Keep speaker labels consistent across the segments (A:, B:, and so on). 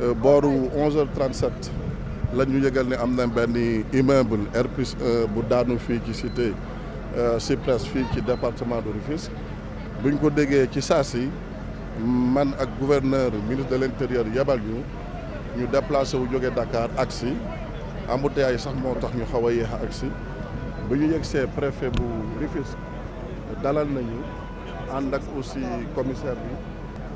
A: Euh, Borou 11h37 la ñu yëgal ne am na immeuble R plus 1 bu daanu fi ci cité euh, Cyprès fi ci département de Rufisque buñ ko déggee ci saa man ak gouverneur ministre de l'intérieur, intérieur ñu ñu déplacé wu joggé Dakar amouté ay sax mo tax ñu xaw a yéex bu ñu yegsee préfet bu Rufisque dalal nañu and ak aussi commissaire bi.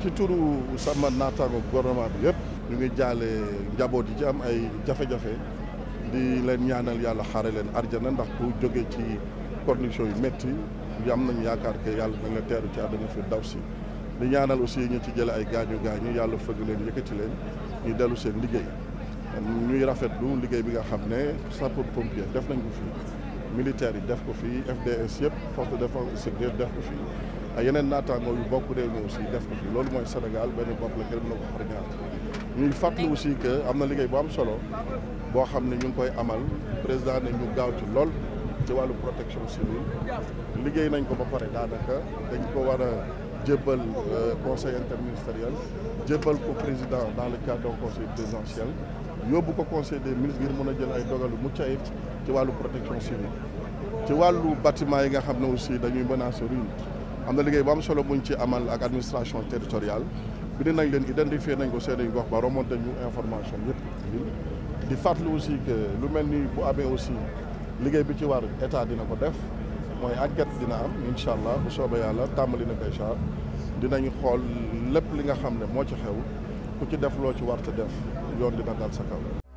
A: ci turu sama naataango gouvernement bi yëpp ñu ngi jaale njaboot yi ci am ay jafe-jafe di leen ñaanal yàlla xaare leen arjana ndax bu jógee ci condition yi métti yi am nañu yaakaar que yàlla na nga teeru ci àddina fi daw si di ñaanal aussi ñu ci jële ay gaañu gaañu yàlla fëgg leen yëkkati leen ñu dellu seen liggéey ñuy rafetlu liggéey bi nga xam ne sapeur pompier def nañ ko fii militaires yi def ko fii FDS yëpp force de défense et sécurité def ko fii yeneen naataangoo yu bokk réew mi aussi def ko fi loolu mooy Sénégal benn bopp la kenn mën na ko xar ñaar ñuy fàttali aussi que am na liggéey bu am solo boo xam ne ñu ngi koy amal président ne ñu gaaw ci lool ci wàllu protection civile liggéey nañ ko ba pare daanaka dañ ko war a jébbal euh, conseil interministériel jébbal ko président dans le cadre d'un conseil présidentiel yóbbu ko conseil des ministres ngir mën a jël ay dogalu mucc ayib ci wàllu protection civile ci wàllu bâtiment yi nga xam ne aussi dañuy menacer ruine am na liggéey bu am solo buñ ci amal ak administration territoriale bind nañ leen identifier nañ ko seen i gox ba remonté ñu information yëpp di fàttali aussi que lu mel ni bu amee aussi liggéey bi ci war état dina ko def mooy enquête dina am incha allah bu soobee yàlla tàmbali na ko incha dinañ xool lépp li nga xam ne moo ci xew ku ci def loo ci war te def yoon dina dal sa kaw.